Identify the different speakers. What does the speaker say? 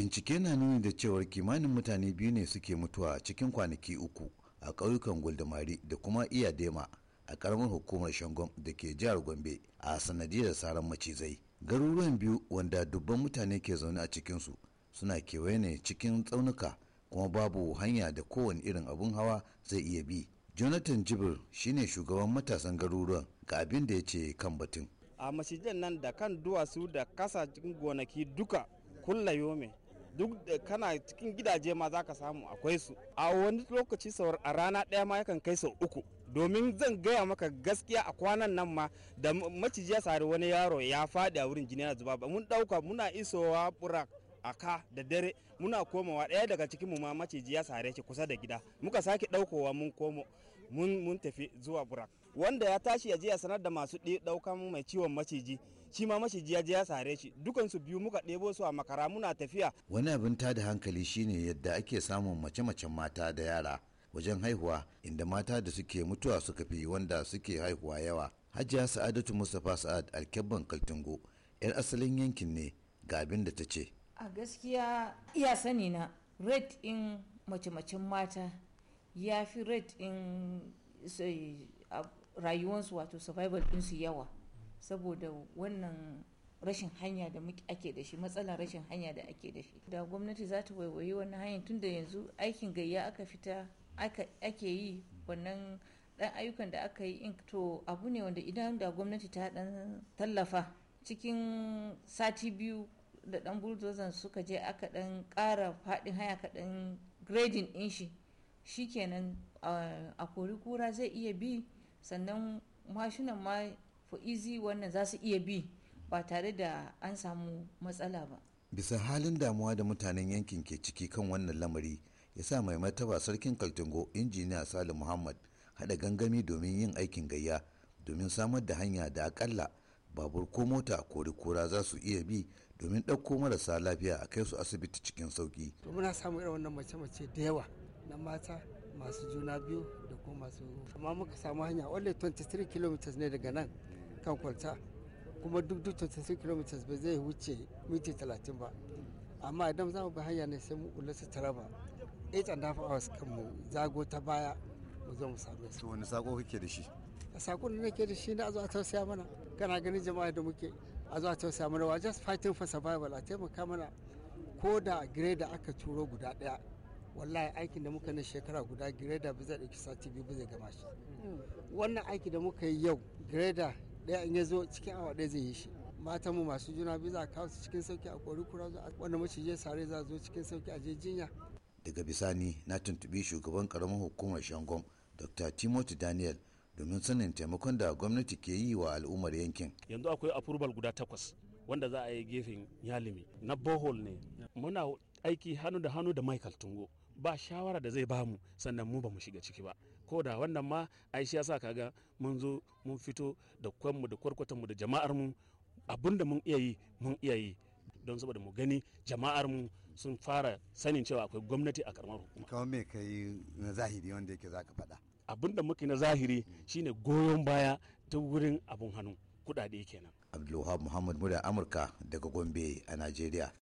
Speaker 1: bincike na nuni da cewar kimanin mutane biyu ne suke mutuwa cikin kwanaki uku a ƙauyukan guldamari da kuma iya dema a ƙaramar hukumar shangon da ke jihar gombe a sanadiyar saran macizai garuruwan biyu wanda dubban mutane ke zaune a cikinsu suna kewaye ne cikin tsaunuka kuma babu hanya da kowane irin abun hawa zai iya bi jonathan jibir shine shugaban matasan garuruwan ga abin da ya ce kan batun
Speaker 2: a masjidin nan da kan duwatsu da kasa gonaki duka kulla yome duk da kana cikin gidaje ma za ka samu akwai su a wani lokaci sau a rana ɗaya ma yakan kai sau uku domin zan gaya maka gaskiya a kwanan nan ma da maciji ya sari wani yaro ya faɗi a wurin jini na zuba ba mun ɗauka muna isowa burak a ka da dare muna komawa ɗaya daga cikin mu ma maciji ya sare shi kusa da gida muka sake ɗaukowa mun komo mun tafi zuwa burak wanda ya tashi ya je ya sanar da masu ɗaukan mai ciwon maciji shi ma mashi ya je sare shi dukan su biyu muka ɗebo su a makara muna tafiya
Speaker 1: wani abin tada hankali shine yadda ake samun mace-macen mata da yara wajen haihuwa inda mata da suke mutuwa suka fi wanda suke haihuwa yawa hajiya sa'adatu mustapha sa'ad alkebban kaltungo yar asalin yankin ne ga abin da ta ce
Speaker 3: a gaskiya iya sani na red in mace-macen mata ya fi red in eh, rayuwarsu wato survival ɗinsu yawa saboda wannan rashin hanya da ake da shi matsalar rashin hanya da ake da shi da gwamnati za ta waiwayi wannan hanyar tunda yanzu aikin gayya aka fita ake yi wannan dan ayyukan da aka yi in to abu ne wanda idan da gwamnati ta dan tallafa cikin sati biyu da dan bulldozan suka je aka dan kara fadin haya ka dan grading din shi shikenan a kori kura zai iya bi sannan mashinan ma for easy wannan za su iya bi ba tare da an samu matsala ba
Speaker 1: bisa halin damuwa da mutanen yankin ke ciki kan wannan lamari ya sa mai martaba sarkin kaltungo injiniya salim muhammad haɗa gangami domin yin aikin gayya domin samar da hanya da akalla babur ko mota ko rikura za su iya bi domin ɗauko marasa lafiya a kai su asibiti cikin sauki.
Speaker 4: muna samu irin wannan mace-mace da yawa na mata masu juna biyu da kuma masu amma muka samu hanya only 23 km ne daga nan kan kwalta kuma duk duk 26 km ba zai wuce miti 30 ba amma idan za mu bi hanya ne sai mu kula su taraba 8 and a half hours kan mu zago ta baya
Speaker 1: mu zo mu same su wani sako kake da shi
Speaker 4: a sakon da nake da shi na zo a tausaya mana kana ganin jama'a da muke a zo a tausaya mana wa just fighting for survival a taimaka mana ko da greda aka turo guda daya wallahi aikin da muka na shekara guda grader ba zai dauki sati biyu ba zai gama shi hmm. wannan aiki da muka yi yau grader. ɗaya in ya zo cikin awa ɗaya zai yi shi matan mu masu juna biyu za a kawo su cikin sauki a kori kura zuwa wanda macije sare za a zo cikin sauki a je jinya
Speaker 1: daga bisani na tuntubi shugaban karamin hukumar shangon dr timothy daniel domin sanin taimakon da gwamnati ke yi wa al'ummar yankin
Speaker 5: yanzu akwai approval guda takwas wanda za a yi gefen yalimi na bohol ne muna aiki hannu da hannu da michael tungo ba shawara da zai bamu sannan mu ba mu shiga ciki ba ko da wannan ma ai shi yasa kaga mun zo mun fito da kwanmu da kwarkwatanmu da jama'ar mu abinda mun iya yi mun iya yi don saboda mu gani jama'ar mu sun fara sanin cewa akwai gwamnati a karamar hukuma kawai me kai na zahiri wanda yake zaka faɗa abin da muke na zahiri shine goyon baya ta wurin abun hannu kudade kenan
Speaker 1: abdulwahab muhammad muda amurka daga gombe a najeriya